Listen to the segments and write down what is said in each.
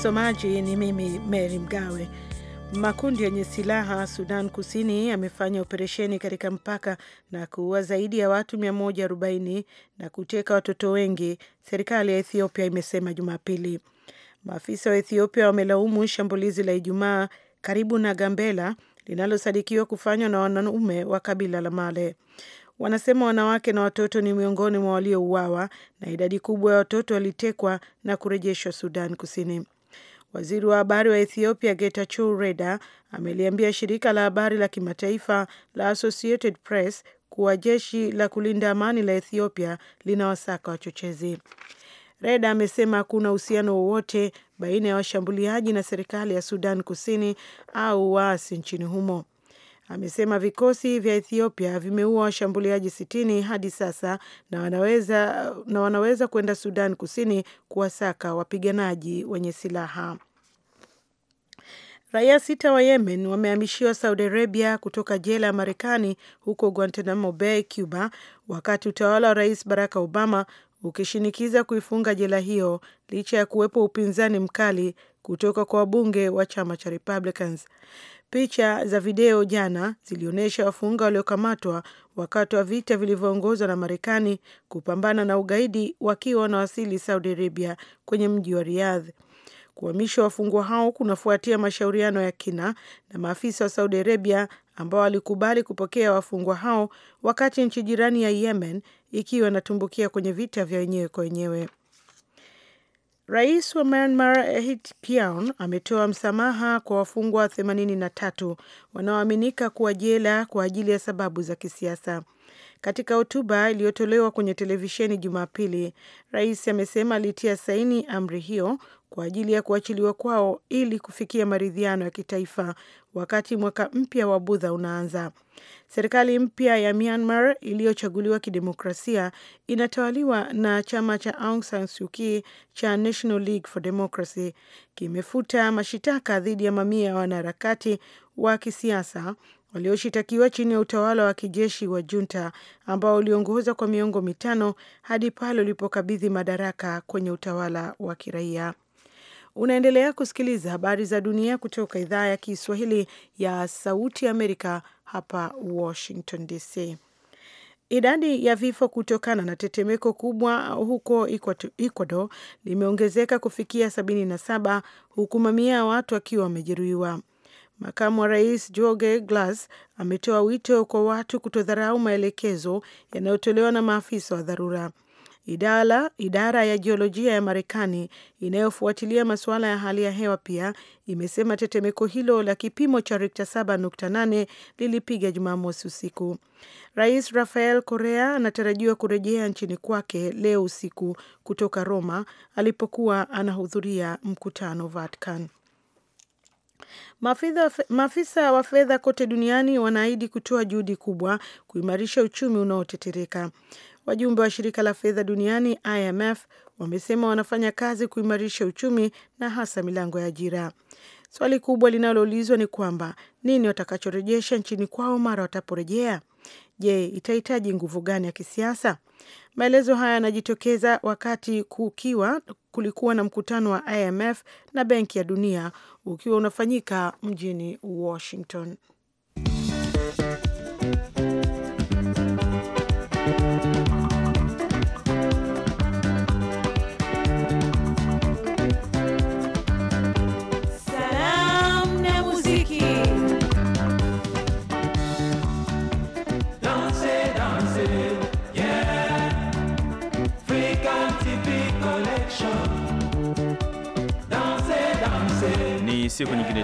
Msomaji ni mimi Mary Mgawe. Makundi yenye silaha Sudan Kusini yamefanya operesheni katika mpaka na kuua zaidi ya watu 140 na kuteka watoto wengi, serikali ya Ethiopia imesema Jumapili. Maafisa wa Ethiopia wamelaumu shambulizi la Ijumaa karibu na Gambela linalosadikiwa kufanywa na wanaume wa kabila la Male. Wanasema wanawake na watoto ni miongoni mwa waliouawa na idadi kubwa ya watoto walitekwa na kurejeshwa Sudan Kusini. Waziri wa habari wa Ethiopia Getachew Reda ameliambia shirika la habari la kimataifa la Associated Press kuwa jeshi la kulinda amani la Ethiopia linawasaka wachochezi. Reda amesema hakuna uhusiano wowote baina ya washambuliaji na serikali ya Sudan Kusini au waasi nchini humo amesema vikosi vya Ethiopia vimeua washambuliaji sitini hadi sasa na wanaweza, na wanaweza kwenda Sudan Kusini kuwasaka wapiganaji wenye silaha. Raia sita wa Yemen wamehamishiwa Saudi Arabia kutoka jela ya Marekani huko Guantanamo Bay, Cuba, wakati utawala wa Rais Barack Obama ukishinikiza kuifunga jela hiyo licha ya kuwepo upinzani mkali kutoka kwa wabunge wa chama cha Republicans. Picha za video jana zilionyesha wafunga waliokamatwa wakati wa vita vilivyoongozwa na Marekani kupambana na ugaidi wakiwa wanawasili Saudi Arabia kwenye mji wa Riyadh. Kuhamisha wafungwa hao kunafuatia mashauriano ya kina na maafisa wa Saudi Arabia ambao walikubali kupokea wafungwa hao wakati nchi jirani ya Yemen ikiwa inatumbukia kwenye vita vya wenyewe kwa wenyewe. Rais wa Myanmar Htit Kaon ametoa msamaha kwa wafungwa 83 wanaoaminika kuwa jela kwa ajili ya sababu za kisiasa. Katika hotuba iliyotolewa kwenye televisheni Jumapili, rais amesema alitia saini amri hiyo kwa ajili ya kuachiliwa kwao ili kufikia maridhiano ya kitaifa wakati mwaka mpya wa Budha unaanza. Serikali mpya ya Myanmar iliyochaguliwa kidemokrasia inatawaliwa na chama cha Aung San Suu Kyi cha National League for Democracy kimefuta mashitaka dhidi ya mamia ya wanaharakati wa kisiasa walioshitakiwa chini ya utawala wa kijeshi wa junta ambao uliongoza kwa miongo mitano hadi pale ulipokabidhi madaraka kwenye utawala wa kiraia. Unaendelea kusikiliza habari za dunia kutoka idhaa ya Kiswahili ya Sauti Amerika hapa Washington DC. Idadi ya vifo kutokana na tetemeko kubwa huko Ecuador limeongezeka kufikia 77 huku mamia ya watu wakiwa wamejeruhiwa. Makamu wa rais George Glass ametoa wito kwa watu kutodharau maelekezo yanayotolewa na maafisa wa dharura. Idara, idara ya jiolojia ya Marekani inayofuatilia masuala ya hali ya hewa pia imesema tetemeko hilo la kipimo cha rekta 7.8 lilipiga Jumamosi usiku. Rais Rafael Correa anatarajiwa kurejea nchini kwake leo usiku kutoka Roma alipokuwa anahudhuria mkutano Vatican. Maafisa wa fedha kote duniani wanaahidi kutoa juhudi kubwa kuimarisha uchumi unaotetereka. Wajumbe wa shirika la fedha duniani IMF wamesema wanafanya kazi kuimarisha uchumi na hasa milango ya ajira. Swali kubwa linaloulizwa ni kwamba nini watakachorejesha nchini kwao mara wataporejea? Je, itahitaji nguvu gani ya kisiasa? Maelezo haya yanajitokeza wakati kukiwa kulikuwa na mkutano wa IMF na Benki ya Dunia ukiwa unafanyika mjini Washington.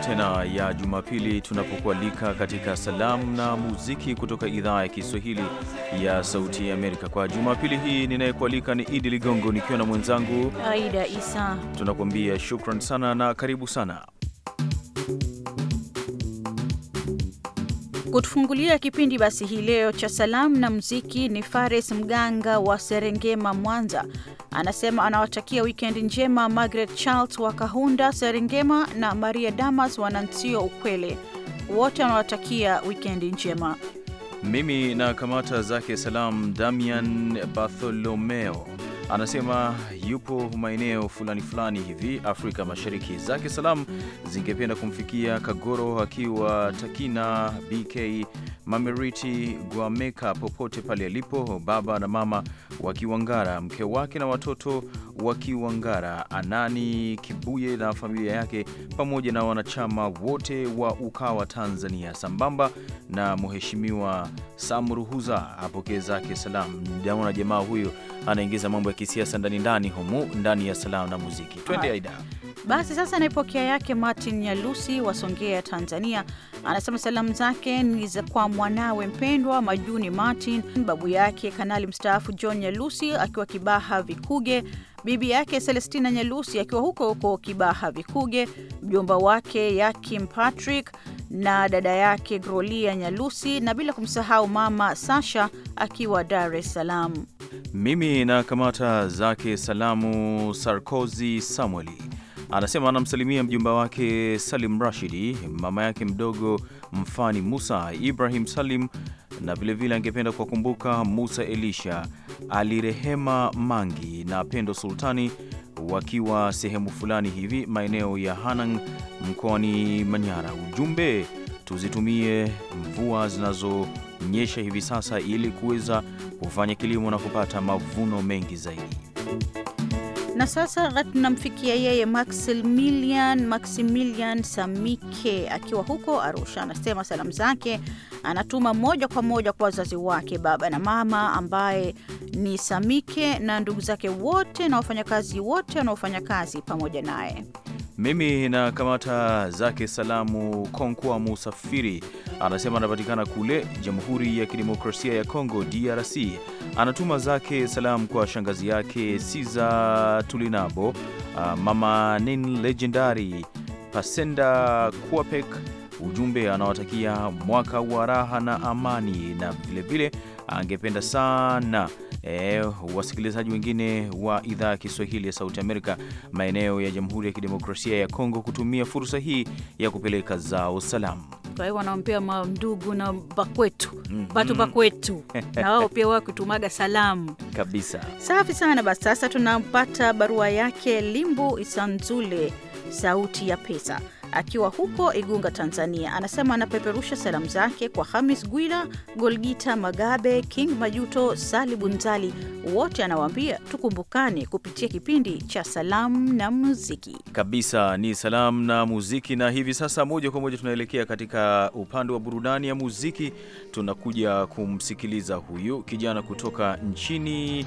tena ya Jumapili tunapokualika katika salamu na muziki kutoka idhaa ya Kiswahili ya Sauti ya Amerika. Kwa Jumapili hii ninayekualika ni Idi Ligongo nikiwa na mwenzangu Aida Isa. Tunakuambia shukran sana na karibu sana. Kutufungulia kipindi basi hii leo cha salamu na mziki ni Fares Mganga wa Serengema, Mwanza. Anasema anawatakia wikendi njema Margaret Charles wa Kahunda, Serengema, na Maria Damas wanansio Ukwele. Wote anawatakia wikendi njema. Mimi na kamata zake salam Damian Bartholomeo anasema yupo maeneo fulani fulani hivi Afrika Mashariki. Zake salamu zingependa kumfikia Kagoro akiwa Takina, BK Mameriti Gwameka, popote pale alipo, baba na mama wakiwangara, mke wake na watoto wakiwangara, Anani Kibuye na familia yake, pamoja na wanachama wote wa Ukawa Tanzania, sambamba na Mheshimiwa Samruhuza apokee zake salamu. Naona jamaa huyo anaingiza mambo ya kisiasa ndani ndani humu ndani ya salamu na muziki. Twende Aida. Basi sasa naipokea yake Martin Nyalusi wa Songea, Tanzania, anasema salamu zake ni za kwa mwanawe mpendwa Majuni Martin, babu yake kanali mstaafu John Nyalusi akiwa Kibaha Vikuge, bibi yake Celestina Nyalusi akiwa huko huko Kibaha Vikuge, mjomba wake Yakim Patrick na dada yake Grolia Nyalusi, na bila kumsahau mama Sasha akiwa Dar es Salaam. Mimi na kamata zake salamu Sarkozi Samueli anasema anamsalimia mjumba wake Salim Rashidi, mama yake mdogo Mfani Musa Ibrahim Salim, na vilevile angependa kuwakumbuka Musa Elisha, Alirehema Mangi na Pendo Sultani wakiwa sehemu fulani hivi maeneo ya Hanang mkoani Manyara. Ujumbe, tuzitumie mvua zinazonyesha hivi sasa ili kuweza kufanya kilimo na kupata mavuno mengi zaidi na sasa tunamfikia yeye Maximilian Maximilian Samike akiwa huko Arusha, anasema salamu zake anatuma moja kwa moja kwa wazazi wake, baba na mama, ambaye ni Samike na ndugu zake wote na wafanyakazi wote wanaofanya kazi pamoja naye. Mimi na kamata zake salamu. Konkwa Musafiri anasema anapatikana kule Jamhuri ya Kidemokrasia ya Kongo, DRC. Anatuma zake salamu kwa shangazi yake Siza Tulinabo, uh, mama Nin Legendary Pasenda Kuapek. Ujumbe anawatakia mwaka wa raha na amani, na vilevile angependa sana e, wasikilizaji wengine wa idhaa ya Kiswahili ya Sauti Amerika maeneo ya Jamhuri ya Kidemokrasia ya Kongo kutumia fursa hii ya kupeleka zao salamu. Kwa hiyo wanaompea mandugu na bakwetu mm -hmm. batu bakwetu na wao pia wakutumaga salamu kabisa. Safi sana. Basi sasa tunapata barua yake Limbu Isanzule, sauti ya pesa akiwa huko Igunga, Tanzania, anasema anapeperusha salamu zake kwa Hamis Gwila, Golgita Magabe, King Majuto, Sali Bunzali, wote anawaambia tukumbukane kupitia kipindi cha salamu na muziki. Kabisa ni salamu na muziki, na hivi sasa moja kwa moja tunaelekea katika upande wa burudani ya muziki. Tunakuja kumsikiliza huyu kijana kutoka nchini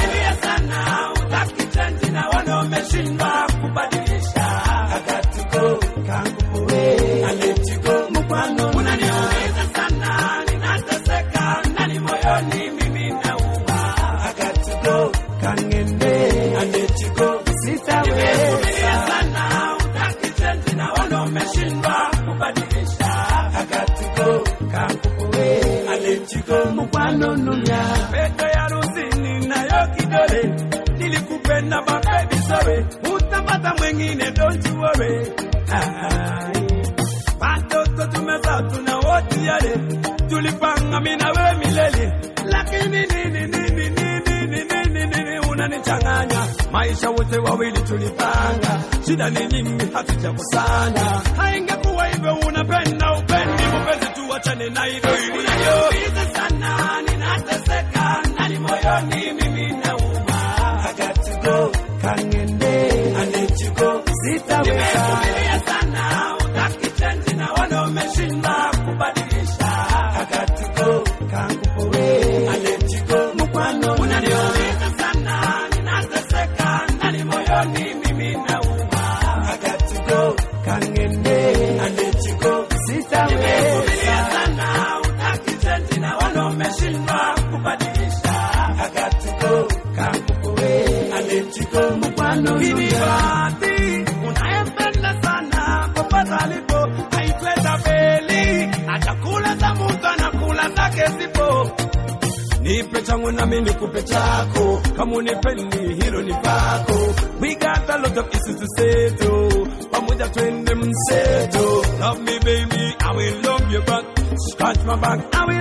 unanununya pete ya rusini nayo kidole, nilikupenda mapebi sowe, utapata mwengine don't you worry. Watoto tumezaa tuna wote yale tulipanga mina we milele, lakini nini nini nini nini nini unanichanganya maisha wote wawili tulipanga, shida ni nyingi hatujakusanya. Haingekuwa hivyo, unapenda upendi, mpenzi, tuachane na hivyo moyoni mimi nauma. I got to go, kangende. I need to go, sitavuka. kama unipende, hilo ni pako. We got a lot of issues to settle, pamoja say, mseto. Love me baby, I will love you back, scratch my back, I will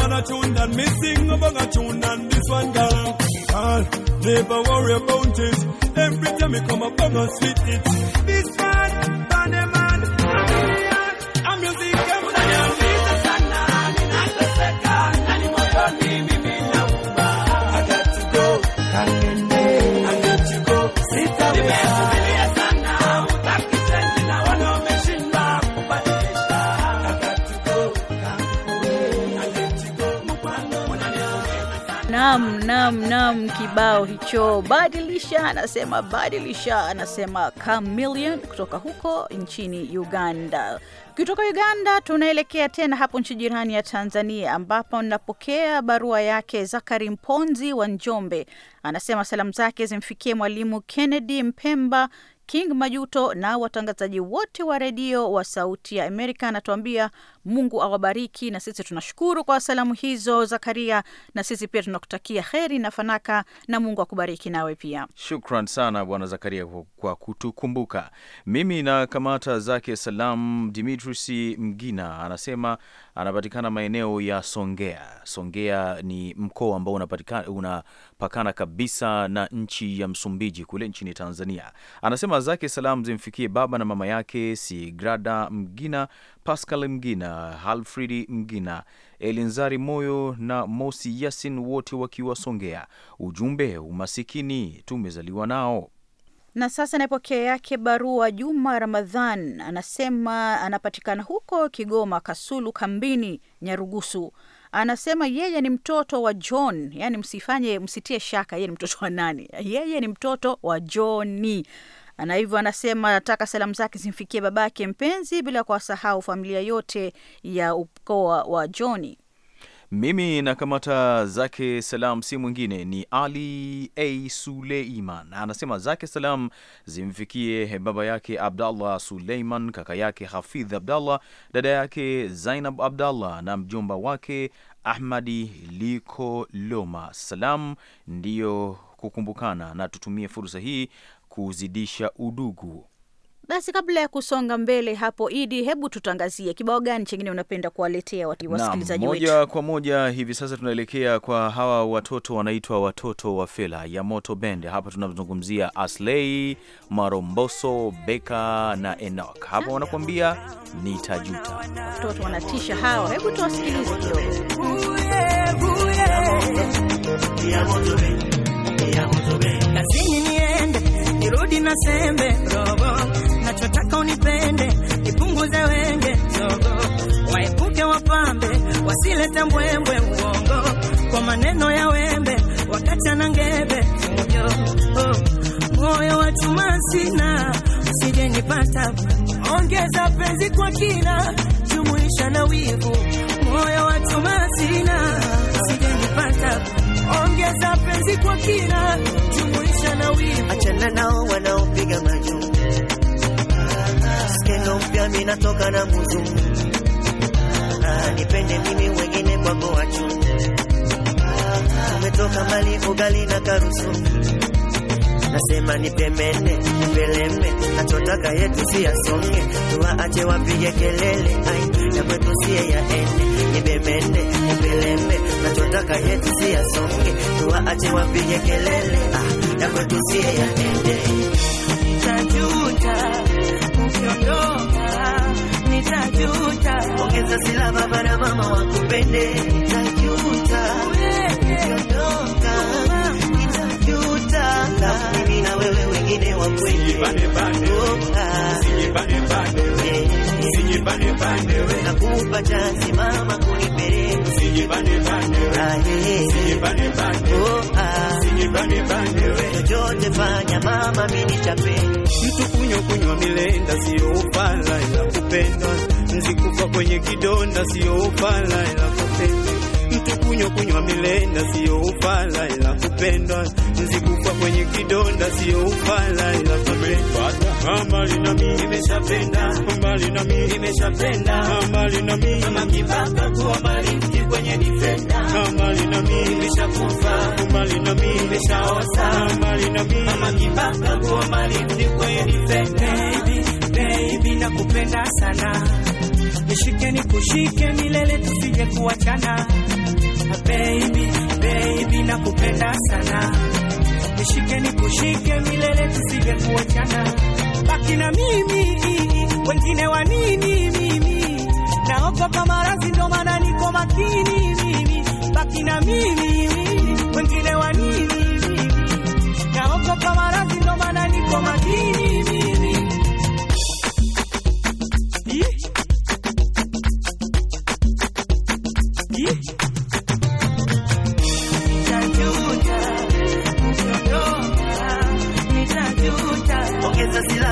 another tune that me sing about a tune and this one girl. Girl, never worry about it. Every time me come up, I'm gonna sweet it. This one, Nam, nam, nam, kibao hicho badilisha, anasema badilisha, anasema Chameleon kutoka huko nchini Uganda. Kutoka Uganda tunaelekea tena hapo nchi jirani ya Tanzania, ambapo napokea barua yake Zakari Mponzi wa Njombe. Anasema salamu zake zimfikie Mwalimu Kennedy Mpemba King Majuto na watangazaji wote wa redio wa Sauti ya Amerika. Anatuambia Mungu awabariki, na sisi tunashukuru kwa salamu hizo Zakaria, na sisi pia tunakutakia heri na fanaka, na Mungu akubariki nawe pia. Shukran sana Bwana Zakaria kwa kutukumbuka. Mimi na kamata zake salam. Dimitrisi Mgina anasema anapatikana maeneo ya Songea. Songea ni mkoa ambao unapakana kabisa na nchi ya Msumbiji kule nchini Tanzania. Anasema zake salamu zimfikie baba na mama yake Sigrada Mgina, Pascal Mgina, Halfridi Mgina, Elinzari Moyo na Mosi Yasin, wote wakiwa Songea. Ujumbe, umasikini tumezaliwa nao. Na sasa napokea yake barua. Juma Ramadhan anasema anapatikana huko Kigoma, Kasulu Kambini, Nyarugusu. Anasema yeye ni mtoto wa John, yani msifanye msitie shaka yeye ni mtoto wa nani. Yeye ni mtoto wa Johni na hivyo anasema nataka salamu zake zimfikie babake mpenzi, bila kuwasahau familia yote ya ukoo wa Johni. Mimi nakamata zake salam, si mwingine ni Ali A Suleiman. Anasema zake salam zimfikie baba yake Abdallah Suleiman, kaka yake Hafidh Abdallah, dada yake Zainab Abdallah na mjomba wake Ahmadi Liko Loma. Salam ndiyo kukumbukana, na tutumie fursa hii kuzidisha udugu basi kabla ya kusonga mbele hapo, Idi, hebu tutangazie kibao gani chengine unapenda kuwaletea wasikilizaji wetu kwa moja hivi sasa? Tunaelekea kwa hawa watoto wanaitwa watoto wa Fela ya Moto Bend. Hapa tunazungumzia Aslei Maromboso, Beka na Enok. Hapa wanakuambia nitajuta. Watoto wanatisha hawa, hebu tuwasikilize kidogo. ya mbwembwe uongo kwa maneno ya wembe wakati ana ngebe fujo oh. Moyo wa chuma sina usijenipata, ongeza penzi kwa kina, jumuisha na wivu. Moyo wa chuma sina usijenipata, ongeza penzi kwa kina, jumuisha na wivu. Achana nao wanaopiga majuu, skendo mpya minatoka na muzumu nipende mimi, wengine kwako wachunge. Umetoka mali ugali na karusu, nasema nipemene, nipeleme, nachotaka yetu si yasonge, tuwaache wapige kelele, ai ya kwetu siye yaende. Nipemene, nipeleme, nachotaka yetu si yasonge, tuwaache wapige kelele, ah ya kwetu siye yaende. Nitajuta pesa sila baba mama wakupende, itajuta ukiondoka, itajuta mimi na wewe wengine wakwende, eh, eh. nakupa chansi mama ah, eh, chochote fanya mama, mimi nitape mtu kunywa kunywa milenda, sio upala ila kupendwa nzikufa kwenye kidonda, sio upala ila kupendwa. Mtu kunywa kunywa milenda, sio upala ila kupendwa. nzikufa kwenye kidonda, sio upala ila kupendwa. mbali na mimi nimeshapenda, mbali na mimi nimeshapenda, mbali na mimi kama kibaka kuwa mbali kwenye defender, mbali na mimi nimeshakufa, mbali na mimi nimeshaosa, mbali na mimi kama kibaka kuwa mbali kwenye defender nakupenda sana, nishike ni kushike milele, tusije kuachana. Baby baby, nakupenda sana, nishike ni kushike milele, tusije kuachana. Baki na mimi, wengine wa nini? Mimi naogopa maradhi, ndo maana niko makini mimi. Baki na mimi, wengine wa nini? Mimi Naogopa maradhi, ndo maana niko makini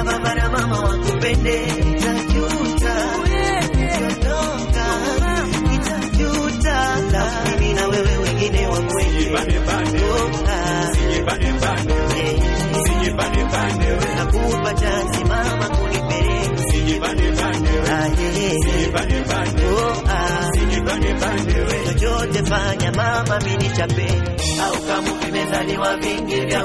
mama na mama wakupende, nitajuta siondoka, nitajuta chochote fanya mama, mimi nichape au kama umezaliwa vingi vya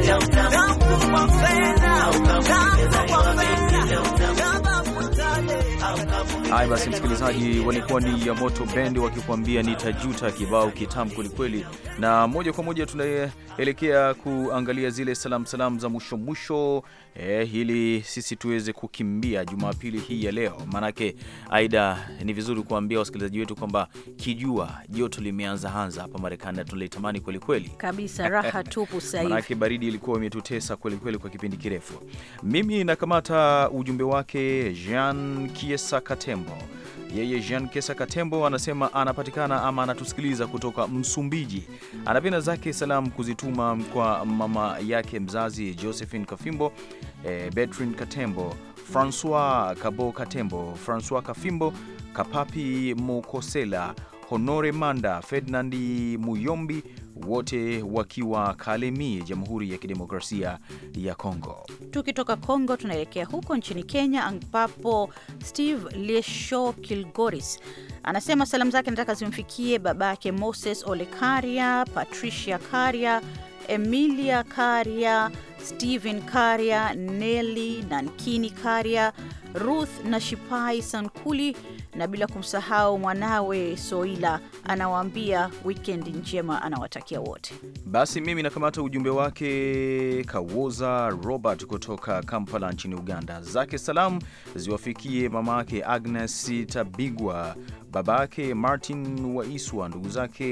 Haya basi, msikilizaji, walikuwa ni ya moto bendi wakikuambia nitajuta, kibao kitamu kwelikweli. Na moja kwa moja tunaelekea kuangalia zile salam salam za mwisho mwisho, eh, ili sisi tuweze kukimbia Jumapili hii ya leo. Maanake aida, ni vizuri kuambia wasikilizaji wetu kwamba kijua joto limeanza anza hapa Marekani na tunalitamani kwelikweli kabisa, raha tupu sasa hivi, maanake baridi ilikuwa imetutesa kwelikweli kwa kipindi kirefu. Mimi nakamata ujumbe wake Jean Kiesa Katem Katembo. Yeye Jean Kesa Katembo anasema anapatikana ama anatusikiliza kutoka Msumbiji. Anapenda zake salamu kuzituma kwa mama yake mzazi Josephine Kafimbo, eh, Betrin Katembo, Francois Kabo Katembo, Francois Kafimbo, Kapapi Mukosela, Honore Manda, Ferdinandi Muyombi wote wakiwa Kalemie, Jamhuri ya Kidemokrasia ya Kongo. Tukitoka Kongo tunaelekea huko nchini Kenya, ambapo Steve Lesho Kilgoris anasema salamu zake nataka zimfikie babake Moses Ole Karia, Patricia Karia, Emilia Karia, Stephen Karia, Neli Nankini Karia, Ruth na Shipai Sankuli na bila kumsahau mwanawe Soila anawaambia wikendi njema, anawatakia wote. Basi mimi nakamata ujumbe wake Kawoza Robert kutoka Kampala nchini Uganda, zake salamu ziwafikie mama yake Agnes Tabigwa, baba yake Martin Waiswa, ndugu zake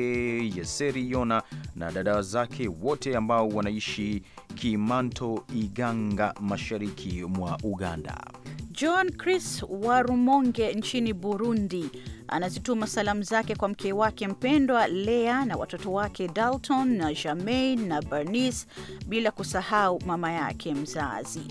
Yeseri Yona na dada zake wote ambao wanaishi Kimanto Iganga, mashariki mwa Uganda. John Chris Warumonge nchini Burundi anazituma salamu zake kwa mke wake mpendwa Lea na watoto wake Dalton na Jamain na Bernice, bila kusahau mama yake mzazi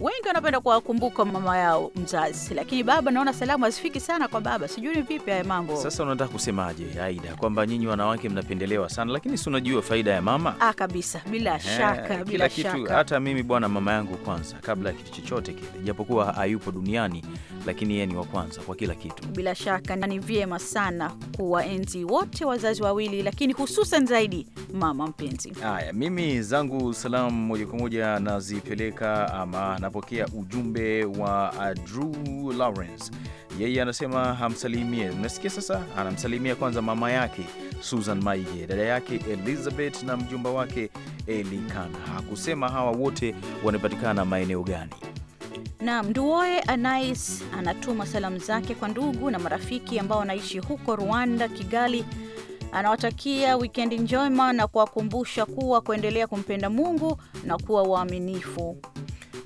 wengi wanapenda kuwakumbuka mama yao mzazi, lakini baba, naona salamu hazifiki sana kwa baba. Sijui ni vipi haya mambo. Sasa unataka kusemaje, Aida, kwamba nyinyi wanawake mnapendelewa sana, lakini si unajua faida ya mama? Ah, kabisa, bila He, eh, shaka, bila kila shaka. Kitu, hata mimi bwana, mama yangu kwanza kabla ya kitu chochote kile, japokuwa hayupo duniani, lakini yeye ni wa kwanza kwa kila kitu. Bila shaka ni vyema sana kuwaenzi wote wazazi wawili, lakini hususan zaidi mama mpenzi. Haya, mimi zangu salamu moja kwa moja nazipeleka ama na anapokea ujumbe wa uh, Drew Lawrence. Yeye anasema hamsalimie, unasikia sasa, anamsalimia kwanza mama yake Susan Maige, dada yake Elizabeth na mjumba wake Elikan. Hakusema hawa wote wanapatikana maeneo gani. Na Nduoe Anais anatuma salamu zake kwa ndugu na marafiki ambao wanaishi huko Rwanda, Kigali. Anawatakia wikendi njema na kuwakumbusha kuwa kuendelea kumpenda Mungu na kuwa waaminifu.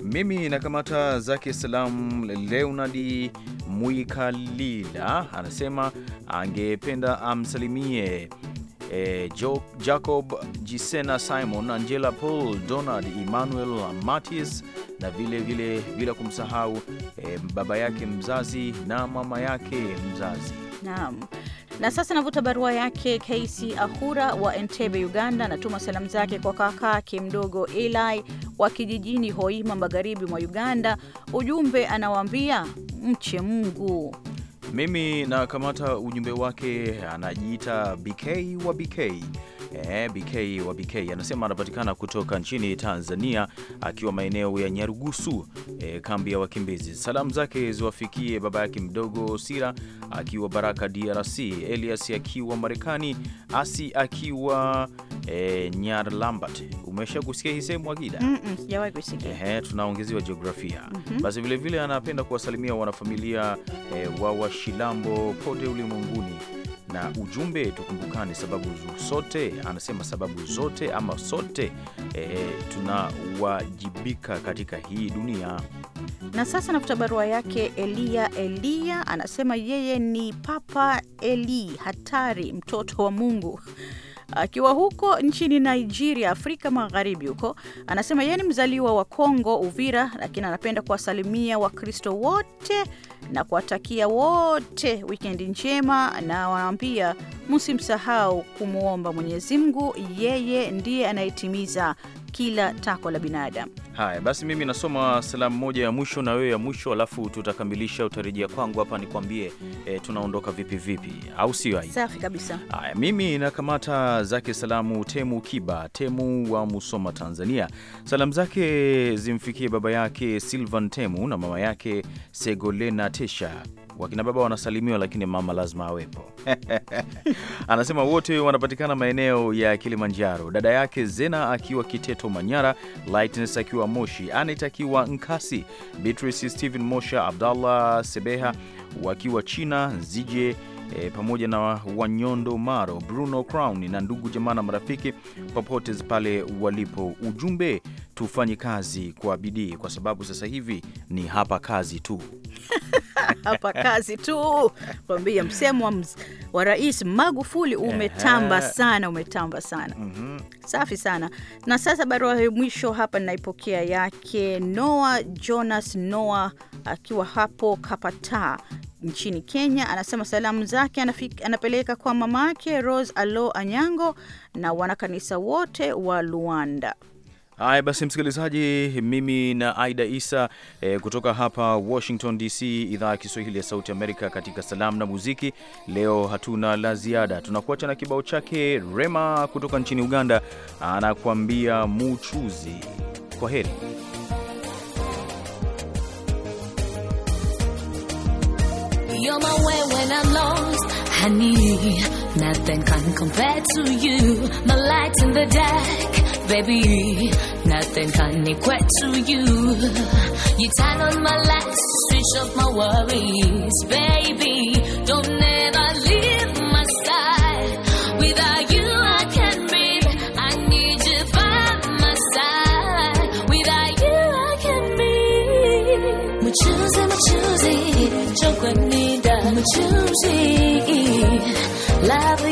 Mimi nakamata zake salam Leonardi Mwikalila anasema angependa amsalimie E, jo, Jacob Jisena, Simon Angela, Paul Donald, Emmanuel Matis na vile vile bila kumsahau e, baba yake mzazi na mama yake mzazi. Naam. Na sasa navuta barua yake KC Ahura wa Entebe, Uganda. Anatuma salamu zake kwa kakake mdogo Eli wa kijijini Hoima, magharibi mwa Uganda. Ujumbe anawaambia mche Mungu. Mimi nakamata ujumbe wake, anajiita BK wa BK eh, BK wa BK anasema anapatikana kutoka nchini Tanzania akiwa maeneo ya Nyarugusu, eh, kambi ya wakimbizi. Salamu zake ziwafikie baba yake mdogo Sira akiwa Baraka DRC, Elias akiwa Marekani, Asi akiwa e, eh, Nyar Lambert, Umesha kusikia hii sehemu Agida? -mm, sijawahi kusikia. E, tunaongeziwa jiografia mm -hmm. Basi vilevile anapenda kuwasalimia wanafamilia e, wa Washilambo pote ulimwenguni na ujumbe tukumbukane, sababu sote, anasema sababu zote ama sote e, tunawajibika katika hii dunia. Na sasa nakuta barua yake Elia. Elia anasema yeye ni Papa Eli hatari, mtoto wa Mungu Akiwa huko nchini Nigeria, Afrika Magharibi huko, anasema yeye ni mzaliwa wa Kongo, Uvira, lakini anapenda kuwasalimia Wakristo wote na kuwatakia wote wikendi njema, na wanaambia msimsahau kumwomba Mwenyezi Mungu, yeye ndiye anayetimiza kila tako la binadamu. Haya basi, mimi nasoma salamu moja ya mwisho na wewe ya mwisho, alafu tutakamilisha. utarejia kwangu hapa nikwambie e, tunaondoka vipi vipi, au sio? Safi kabisa. Haya, mimi nakamata zake salamu Temu Kiba Temu wa Musoma, Tanzania. Salamu zake zimfikie baba yake Silvan Temu na mama yake Segolena Tesha Wakina baba wanasalimiwa, lakini mama lazima awepo. Anasema wote wanapatikana maeneo ya Kilimanjaro, dada yake Zena akiwa Kiteto Manyara, Lightness akiwa Moshi, Anet akiwa Nkasi, Beatrice Stephen Mosha, Abdallah Sebeha wakiwa China Zije E, pamoja na Wanyondo Maro, Bruno Crown na ndugu jamaa na marafiki popote pale walipo. Ujumbe, tufanye kazi kwa bidii, kwa sababu sasa hivi ni hapa kazi tu. hapa kazi tu kwambia, msemo wa Rais Magufuli umetamba sana, umetamba sana. mm -hmm. Safi sana. Na sasa barua ya mwisho hapa ninaipokea yake Noah Jonas Noah akiwa hapo Kapata nchini Kenya. Anasema salamu zake anapeleka kwa mama yake Rose Alo Anyango na wanakanisa wote wa Luanda. Haya basi, msikilizaji, mimi na Aida Isa e, kutoka hapa Washington DC, idhaa ya Kiswahili ya Sauti Amerika, katika salamu na muziki. Leo hatuna la ziada, tunakuacha na kibao chake Rema kutoka nchini Uganda, anakuambia muchuzi. Kwa heri. You're my baby. Nothing can equate to you. You turn on my lights, switch off my worries, baby. Don't ever leave my side. Without you, I can't breathe. I need you by my side. Without you, I can't breathe. Machuzi, machuzi, chocolate nida. Machuzi, love.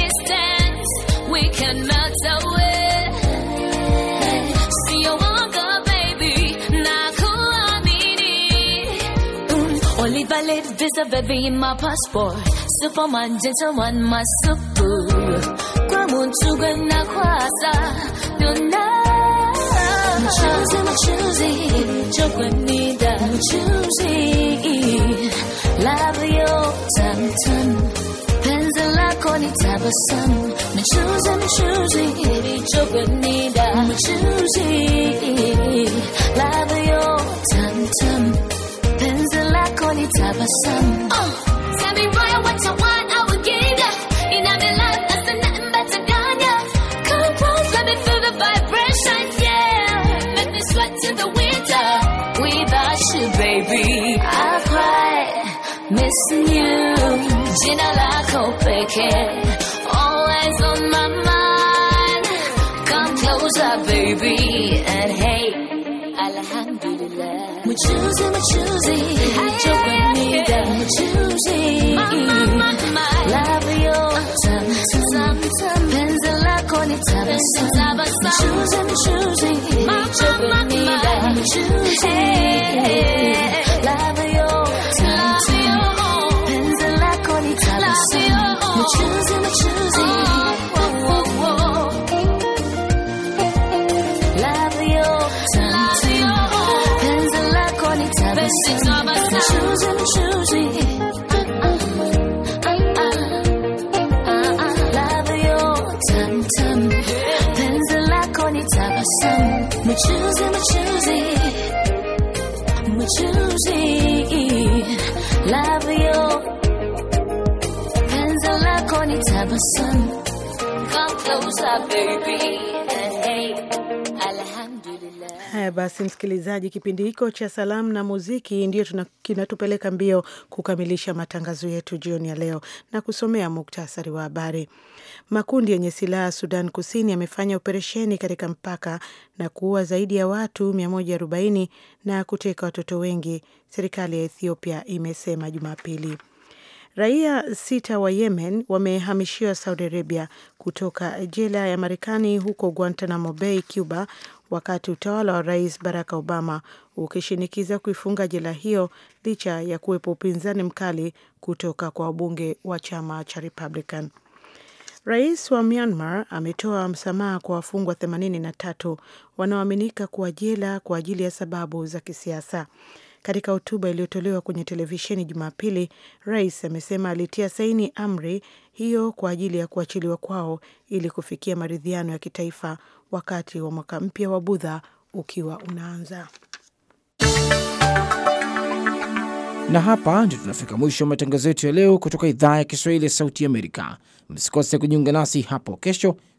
valid visa, baby, in my passport. Superman, gentleman, masuku. Kwa muntu gwe nakwasa, donna. Mchuzi, mchuzi, chokwe nida. Mchuzi, labio tamtam. Penzi lako ni me, Mchuzi, mchuzi, chokwe nida. Mchuzi, labio tamtam penzi lako litabasamu. Oh, tell me right what you want, I will give ya. In my life, there's nothing but than ya. Come close, let me feel the vibration, yeah. Make me sweat till the winter. Without you, baby, I cry, missing you. Jina lako pekee. We're choosing, we're choosing. Yo conmigo, we're choosing. Labio, tam tam, penzela con time, We're choosing, we're choosing. my, conmigo, we're choosing. Labio. Haya basi, msikilizaji, kipindi hiko cha salamu na muziki ndio kinatupeleka mbio kukamilisha matangazo yetu jioni ya leo na kusomea muktasari wa habari. Makundi yenye silaha Sudan Kusini yamefanya operesheni katika mpaka na kuua zaidi ya watu 140 na kuteka watoto wengi, serikali ya Ethiopia imesema Jumapili. Raia sita wa Yemen wamehamishiwa Saudi Arabia kutoka jela ya Marekani huko Guantanamo Bay, Cuba, wakati utawala wa Rais Barack Obama ukishinikiza kuifunga jela hiyo licha ya kuwepo upinzani mkali kutoka kwa wabunge wa chama cha Republican. Rais wa Myanmar ametoa msamaha kwa wafungwa 83 wanaoaminika kuwa jela kwa ajili ya sababu za kisiasa. Katika hotuba iliyotolewa kwenye televisheni Jumapili, rais amesema alitia saini amri hiyo kwa ajili ya kuachiliwa kwao ili kufikia maridhiano ya kitaifa wakati wa mwaka mpya wa Budha ukiwa unaanza. Na hapa ndio tunafika mwisho wa matangazo yetu ya leo kutoka idhaa ya Kiswahili ya Sauti Amerika. Msikose kujiunga nasi hapo kesho